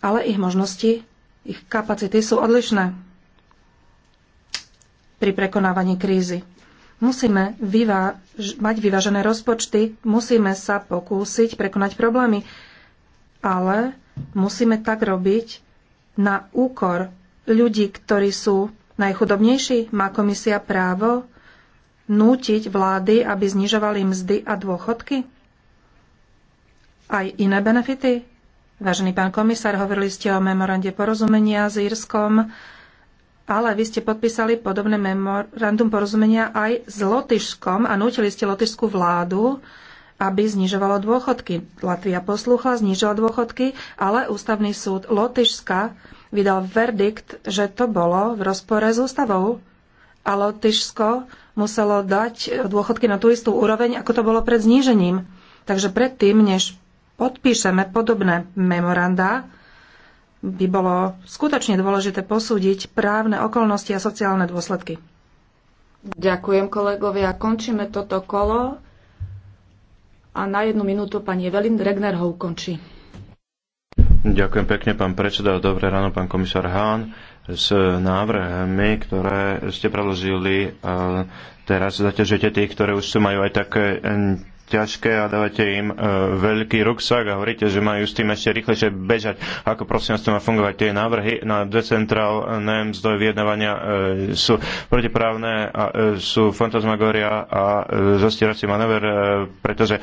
Ale ich možnosti, ich kapacity sú odlišné pri prekonávaní krízy. Musíme vyvá- mať vyvážené rozpočty, musíme sa pokúsiť prekonať problémy, ale musíme tak robiť na úkor ľudí, ktorí sú najchudobnejší. Má komisia právo nútiť vlády, aby znižovali mzdy a dôchodky? aj iné benefity? Vážený pán komisár, hovorili ste o memorande porozumenia s Írskom, ale vy ste podpísali podobné memorandum porozumenia aj s Lotyšskom a nutili ste lotyšskú vládu, aby znižovalo dôchodky. Latvia poslúchla, znižila dôchodky, ale ústavný súd Lotyšska vydal verdikt, že to bolo v rozpore s ústavou a Lotyšsko muselo dať dôchodky na tú istú úroveň, ako to bolo pred znížením. Takže predtým, než podpíšeme podobné memoranda, by bolo skutočne dôležité posúdiť právne okolnosti a sociálne dôsledky. Ďakujem kolegovia. Končíme toto kolo a na jednu minútu
pani Evelyn ho ukončí.
Ďakujem pekne, pán predseda. Dobré ráno, pán komisár Hán. S návrhmi, ktoré ste preložili, eh, teraz zaťažujete tých, ktoré už sú majú aj také eh, ťažké a dávate im e, veľký ruksak a hovoríte, že majú s tým ešte rýchlejšie bežať. Ako prosím vás to má fungovať? Tie návrhy na decentrálne mzdové vyjednávania e, sú protiprávne a e, sú fantasmagoria a e, zastierací manéver, e, pretože e,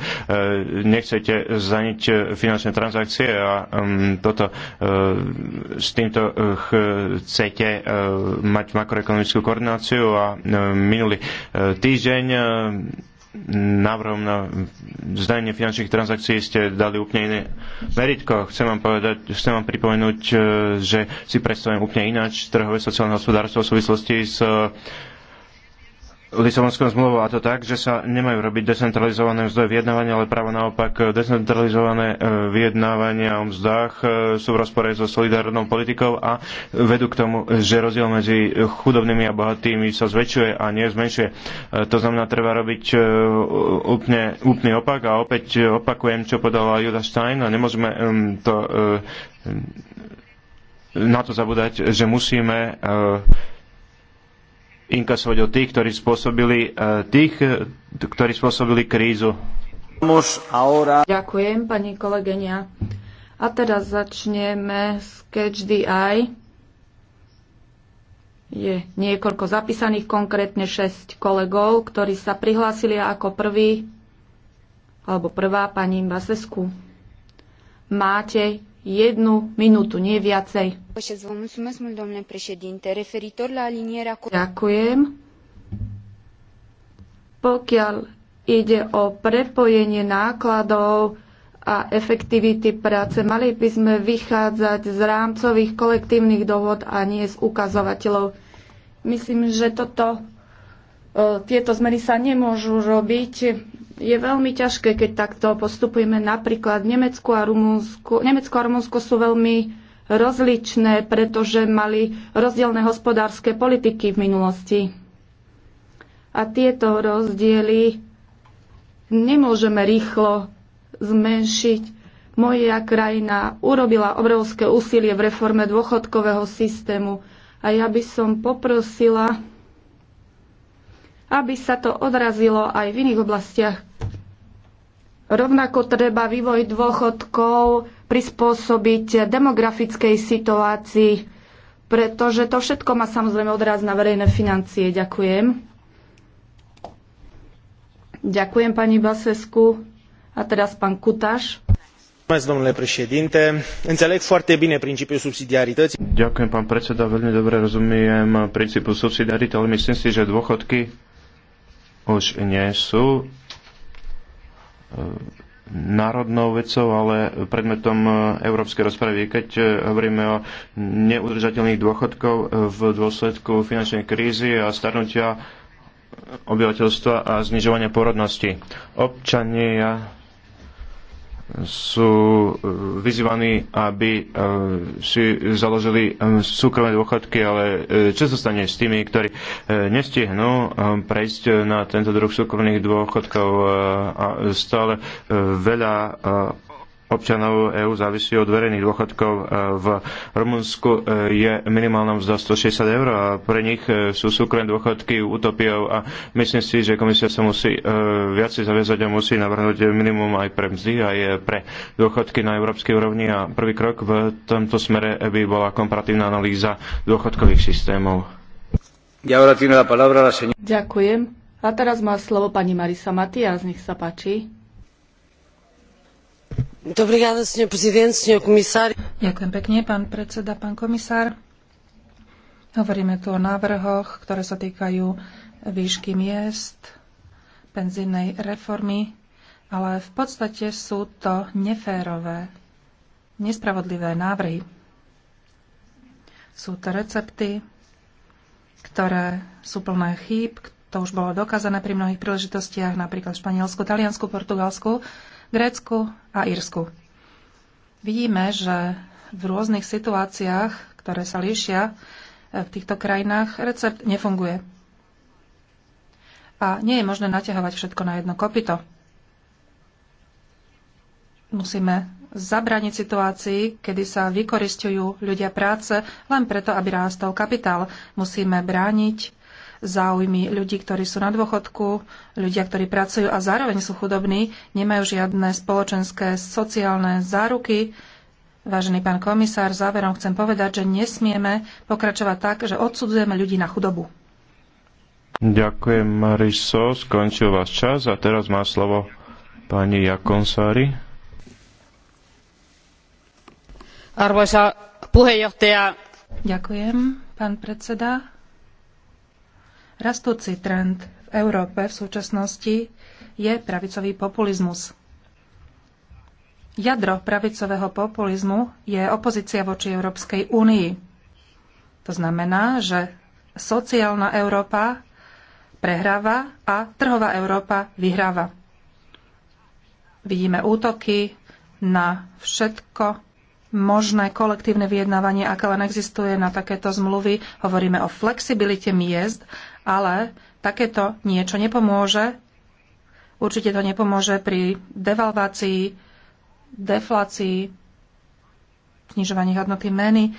nechcete zaniť finančné transakcie a e, toto e, s týmto e, chcete e, mať makroekonomickú koordináciu a e, minulý e, týždeň e, návrhom na zdanie finančných transakcií ste dali úplne iné meritko. Chcem vám, povedať, chcem vám pripomenúť, e, že si predstavujem úplne ináč trhové sociálne hospodárstvo v súvislosti s Lisabonskou zmluvou a to tak, že sa nemajú robiť decentralizované mzdové vyjednávania, ale práve naopak e, decentralizované e, vyjednávania o mzdách e, sú v rozpore so solidárnou politikou a vedú k tomu, že rozdiel medzi chudobnými a bohatými sa zväčšuje a nie zmenšuje. To znamená, treba robiť úplne, úplný opak a opäť opakujem, čo podala Juda Stein a nemôžeme to na to zabúdať, že musíme uh, inkasovať od tých, ktorí spôsobili, e, tých, e, ktorí spôsobili krízu.
Ďakujem, pani kolegenia. A teraz začneme s Catch the Eye. Je niekoľko zapísaných, konkrétne 6 kolegov, ktorí sa prihlásili ako prvý alebo prvá pani Basesku. Máte jednu minútu, nie viacej. Ďakujem. Pokiaľ ide o prepojenie nákladov a efektivity práce, mali by sme vychádzať z rámcových kolektívnych dohod a nie z ukazovateľov. Myslím, že toto, e, tieto zmeny sa nemôžu robiť je veľmi ťažké, keď takto postupujeme. Napríklad Nemecko a Rumunsko, Nemecko a Rumunsko sú veľmi rozličné, pretože mali rozdielne hospodárske politiky v minulosti. A tieto rozdiely nemôžeme rýchlo zmenšiť. Moja krajina urobila obrovské úsilie v reforme dôchodkového systému a ja by som poprosila aby sa to odrazilo aj v iných oblastiach. Rovnako treba vývoj dôchodkov prispôsobiť demografickej situácii, pretože to všetko má samozrejme odraz na verejné financie. Ďakujem. Ďakujem pani Basescu. A teraz pán
Kutaš.
Înțeleg foarte bine principiul subsidiarității. Ďakujem, pán predseda, veľmi dobre rozumiem princípu subsidiarity, ale myslím si, že dôchodky už nie sú e, národnou vecou, ale predmetom e, európskej rozpravy. Keď e, hovoríme o neudržateľných dôchodkov v dôsledku finančnej krízy a starnutia obyvateľstva a znižovania porodnosti. Občania sú e, vyzývaní, aby e, si založili e, súkromné dôchodky, ale čo sa stane s tými, ktorí nestihnú prejsť na tento druh súkromných dôchodkov a stále veľa občanov EÚ závisí od verejných dôchodkov. E, v Rumunsku e, je minimálna mzda 160 eur a pre nich e, sú súkromné dôchodky utopiou a myslím si, že komisia sa musí viac zaviazať a musí navrhnúť minimum aj pre mzdy, aj pre dôchodky na európskej úrovni a prvý krok v tomto smere by bola komparatívna analýza dôchodkových systémov.
Ďakujem. A teraz má slovo pani Marisa Matias, nech sa páči.
Ďakujem pekne, pán predseda, pán komisár. Hovoríme tu o návrhoch, ktoré sa týkajú výšky miest, penzijnej reformy, ale v podstate sú to neférové, nespravodlivé návrhy. Sú to recepty, ktoré sú plné chýb, to už bolo dokázané pri mnohých príležitostiach, napríklad v Španielsku, Taliansku, Portugalsku, Grécku a Írsku. Vidíme, že v rôznych situáciách, ktoré sa líšia e, v týchto krajinách, recept nefunguje. A nie je možné naťahovať všetko na jedno kopito. Musíme zabrániť situácii, kedy sa vykoristujú ľudia práce len preto, aby rástol kapitál. Musíme brániť záujmy ľudí, ktorí sú na dôchodku, ľudia, ktorí pracujú a zároveň sú chudobní, nemajú žiadne spoločenské sociálne záruky. Vážený pán komisár, záverom chcem povedať, že nesmieme pokračovať tak, že odsudzujeme ľudí na chudobu.
Ďakujem, Mariso. Skončil vás čas a teraz má slovo pani Jakonsári.
Arvoisa puheenjohtaja. Ďakujem, pán predseda. Rastúci trend v Európe v súčasnosti je pravicový populizmus. Jadro pravicového populizmu je opozícia voči Európskej únii. To znamená, že sociálna Európa prehráva a trhová Európa vyhráva. Vidíme útoky na všetko možné kolektívne vyjednávanie, aké len existuje na takéto zmluvy. Hovoríme o flexibilite miest ale takéto niečo nepomôže. Určite to nepomôže pri devalvácii, deflácii, znižovaní hodnoty meny.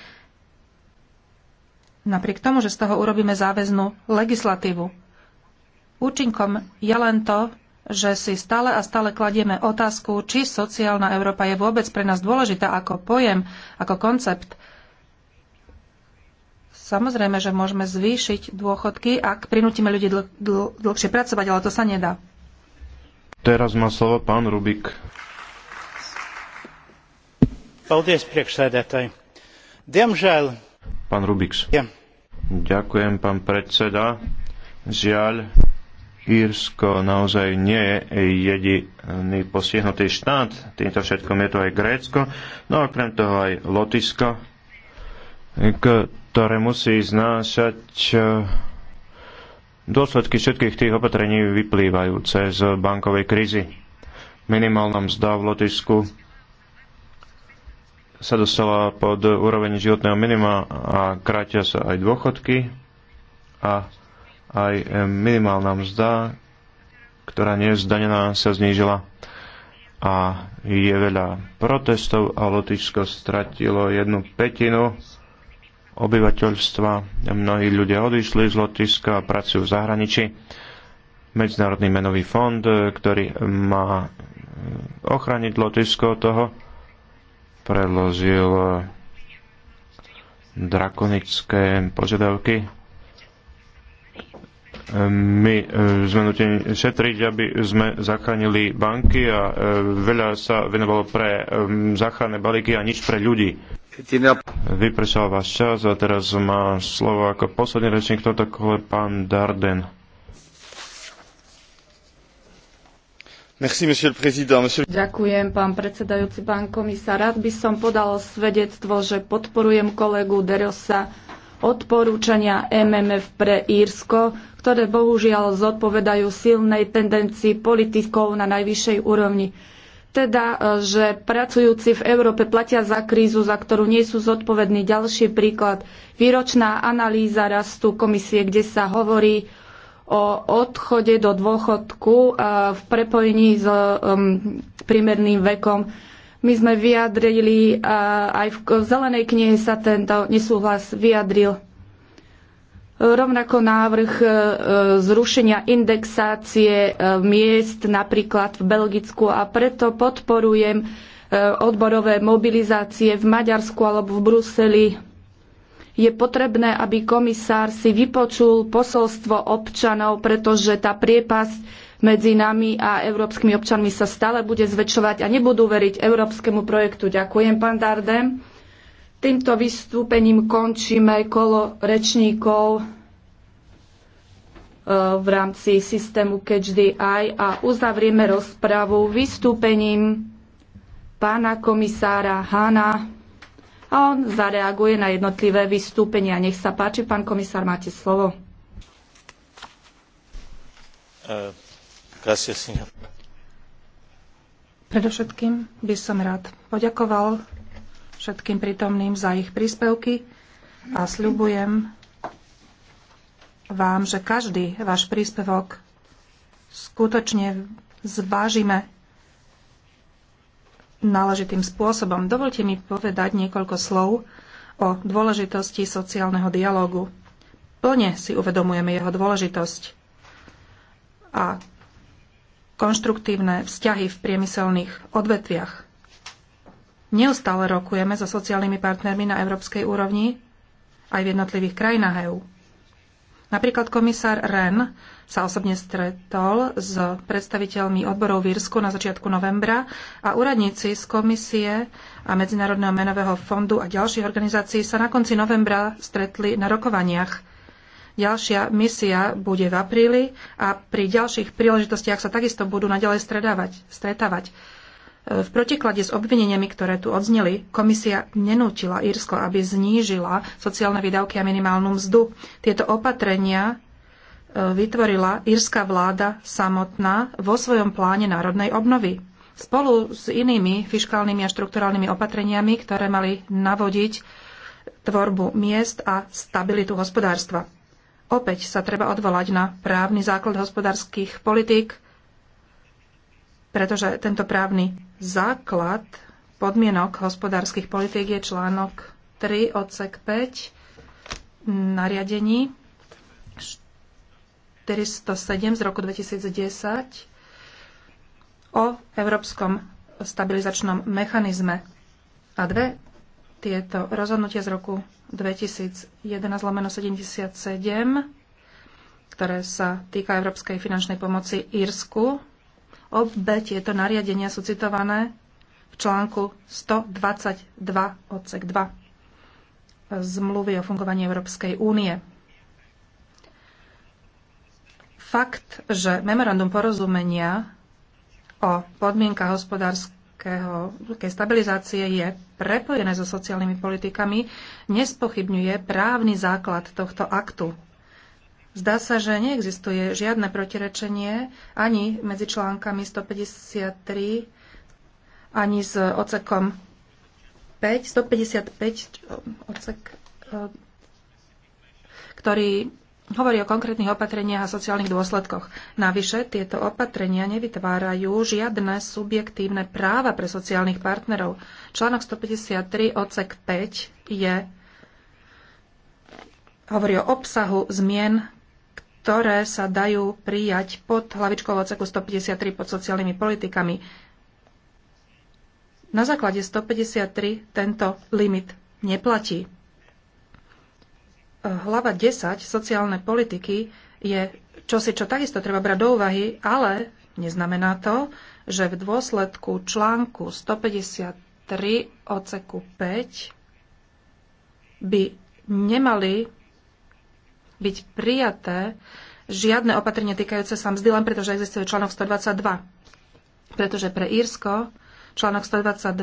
Napriek tomu, že z toho urobíme záväznú legislatívu. Účinkom je len to, že si stále a stále kladieme otázku, či sociálna Európa je vôbec pre nás dôležitá ako pojem, ako koncept. Samozrejme, že môžeme zvýšiť dôchodky, ak prinútime ľudí dl- dl- dlhšie pracovať, ale to sa nedá.
Teraz má slovo pán Rubik. Pán Rubik. Ďakujem, pán predseda. Žiaľ, Írsko naozaj nie je jediný postihnutý štát. Týmto všetkom je to aj Grécko, no okrem toho aj Lotisko, ktoré musí znášať e, dôsledky všetkých tých opatrení vyplývajúce z bankovej krízy. Minimálna mzda v Lotyšsku sa dostala pod úroveň životného minima a krátia sa aj dôchodky a aj minimálna mzda, ktorá nie je zdanená, sa znížila a je veľa protestov a Lotyšsko stratilo jednu petinu obyvateľstva. Mnohí ľudia odišli z Lotyšska a pracujú v zahraničí. Medzinárodný menový fond, ktorý má ochraniť Lotyšsko od toho, predložil drakonické požiadavky. My e, sme nutení šetriť, aby sme zachránili banky a e, veľa sa venovalo pre e, záchranné balíky a nič pre ľudí. Vypršal váš čas a teraz má slovo ako posledný rečník toto kole pán Darden. Merci, monsieur le président. Monsieur...
Ďakujem, pán predsedajúci, pán komisár. Rád by som podal svedectvo, že podporujem kolegu Derosa odporúčania MMF pre Írsko, ktoré bohužiaľ zodpovedajú silnej tendencii politikov na najvyššej úrovni teda, e, že pracujúci v Európe platia za krízu, za ktorú nie sú zodpovední. Ďalší príklad, výročná analýza rastu komisie, kde sa hovorí o odchode do dôchodku e, v prepojení s primerným vekom. My sme vyjadrili, e, aj v zelenej knihe sa tento nesúhlas vyjadril Rovnako návrh e, zrušenia indexácie e, miest napríklad v Belgicku a preto podporujem e, odborové mobilizácie v Maďarsku alebo v Bruseli. Je potrebné, aby komisár si vypočul posolstvo občanov, pretože tá priepasť medzi nami a európskymi občanmi sa stále bude zväčšovať a nebudú veriť európskemu projektu. Ďakujem, pán Dardem. Týmto vystúpením končíme kolo rečníkov e, v rámci systému Catch the Eye a uzavrieme rozpravu vystúpením pána komisára Hána a on zareaguje na jednotlivé vystúpenia. Nech sa páči, pán komisár, máte slovo.
E,
Predovšetkým by som rád poďakoval všetkým prítomným za ich príspevky a sľubujem vám, že každý váš príspevok skutočne zvážime náležitým spôsobom. Dovolte mi povedať niekoľko slov o dôležitosti sociálneho dialógu. Plne si uvedomujeme jeho dôležitosť a konštruktívne vzťahy v priemyselných odvetviach Neustále rokujeme so sociálnymi partnermi na európskej úrovni aj v jednotlivých krajinách EÚ. Napríklad komisár Ren sa osobne stretol s predstaviteľmi odborov v na začiatku novembra a úradníci z komisie a Medzinárodného menového fondu a ďalších organizácií sa na konci novembra stretli na rokovaniach. Ďalšia misia bude v apríli a pri ďalších príležitostiach sa takisto budú naďalej stretávať. stretávať. V protiklade s obvineniami, ktoré tu odzneli, komisia nenútila Írsko, aby znížila sociálne výdavky a minimálnu mzdu. Tieto opatrenia e, vytvorila írska vláda samotná vo svojom pláne národnej obnovy. Spolu s inými fiskálnymi a štrukturálnymi opatreniami, ktoré mali navodiť tvorbu miest a stabilitu hospodárstva. Opäť sa treba odvolať na právny základ hospodárskych politík, pretože tento právny základ podmienok hospodárskych politiek je článok 3 odsek 5 nariadení 407 z roku 2010 o Európskom stabilizačnom mechanizme. A dve tieto rozhodnutia z roku 2011 lomeno 77, ktoré sa týka Európskej finančnej pomoci Írsku Obe tieto nariadenia sú citované v článku 122 odsek 2 zmluvy o fungovaní Európskej únie. Fakt, že memorandum porozumenia o podmienkach hospodárskej stabilizácie je prepojené so sociálnymi politikami, nespochybňuje právny základ tohto aktu. Zdá sa, že neexistuje žiadne protirečenie ani medzi článkami 153 ani s ocekom 5, 155 ocek, ktorý hovorí o konkrétnych opatreniach a sociálnych dôsledkoch. Navyše, tieto opatrenia nevytvárajú žiadne subjektívne práva pre sociálnych partnerov. Článok 153 odsek 5 je hovorí o obsahu zmien ktoré sa dajú prijať pod hlavičkou odseku 153 pod sociálnymi politikami. Na základe 153 tento limit neplatí. Hlava 10 sociálne politiky je čosi, čo takisto treba brať do úvahy, ale neznamená to, že v dôsledku článku 153 odseku 5 by nemali byť prijaté žiadne opatrenie týkajúce sa mzdy, len pretože existuje článok 122. Pretože pre Írsko článok 122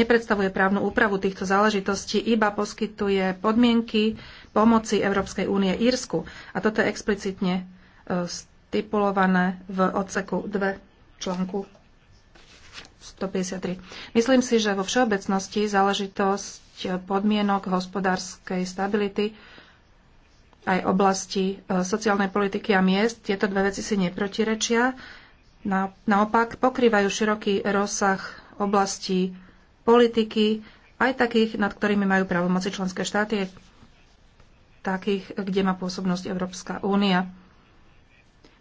nepredstavuje právnu úpravu týchto záležitostí, iba poskytuje podmienky pomoci Európskej únie Írsku. A toto je explicitne e, stipulované v odseku 2 článku 153. Myslím si, že vo všeobecnosti záležitosť podmienok hospodárskej stability aj oblasti e, sociálnej politiky a miest. Tieto dve veci si neprotirečia. naopak pokrývajú široký rozsah oblasti politiky, aj takých, nad ktorými majú právomoci členské štáty, takých, kde má pôsobnosť Európska únia.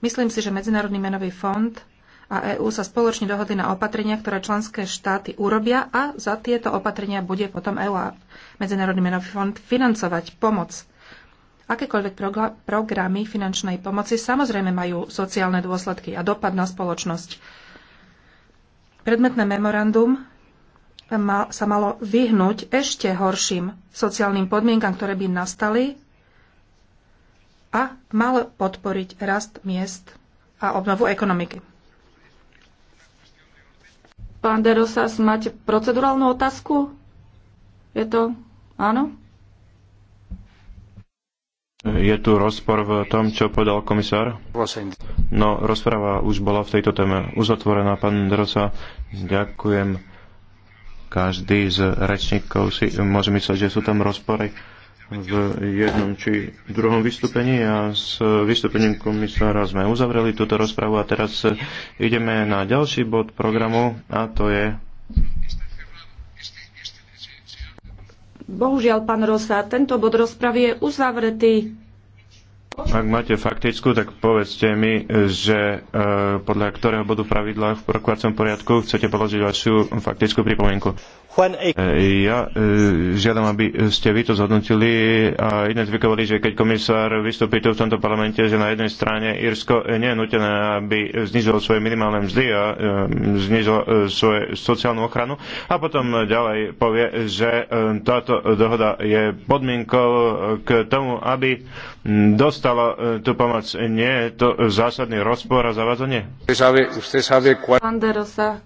Myslím si, že Medzinárodný menový fond a EÚ sa spoločne dohodli na opatrenia, ktoré členské štáty urobia a za tieto opatrenia bude potom EÚ a Medzinárodný menový fond financovať pomoc Akékoľvek programy finančnej pomoci samozrejme majú sociálne dôsledky a dopad na spoločnosť. Predmetné memorandum sa malo vyhnúť ešte horším sociálnym podmienkam, ktoré by nastali a malo podporiť rast miest a obnovu ekonomiky. Pán Derosas,
máte procedurálnu otázku? Je to áno?
Je tu rozpor v tom, čo povedal komisár? No, rozpráva už bola v tejto téme uzatvorená, pán Drosa. Ďakujem. Každý z rečníkov si môže mysleť, že sú tam rozpory v jednom či druhom vystúpení a s vystúpením komisára sme uzavreli túto rozpravu a teraz ideme na ďalší bod programu a to je
Bohužiaľ, pán Rosa, tento bod rozpravy je uzavretý.
Ak máte faktickú, tak povedzte mi, že e, podľa ktorého bodu pravidla v prokurácom poriadku chcete položiť vašu faktickú pripomienku. E, ja e, žiadam, aby ste vy to zhodnotili a identifikovali, že keď komisár vystúpi tu v tomto parlamente, že na jednej strane Irsko nie je nutené, aby znižilo svoje minimálne mzdy a e, znižilo e, svoje sociálnu ochranu a potom ďalej povie, že e, táto dohoda je podmienkou k tomu, aby dostala e, tú pomoc. Nie je to zásadný rozpor a zavadzanie? Pán
Derosa,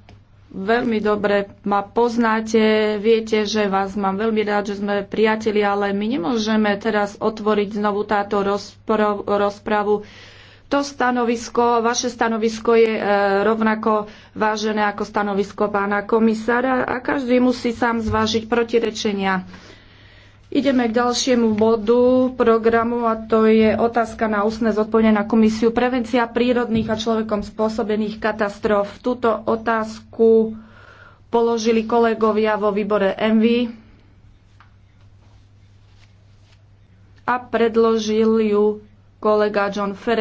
veľmi dobre ma poznáte, viete, že vás mám veľmi rád, že sme priateli, ale my nemôžeme teraz otvoriť znovu táto rozpravu. To stanovisko, vaše stanovisko je e, rovnako vážené ako stanovisko pána komisára a každý musí sám zvážiť protirečenia. Ideme k ďalšiemu bodu programu a to je otázka na ústne zodpovedanie na komisiu prevencia prírodných a človekom spôsobených katastrof. Túto otázku položili kolegovia vo výbore ENVY a predložil ju kolega John Ferrer.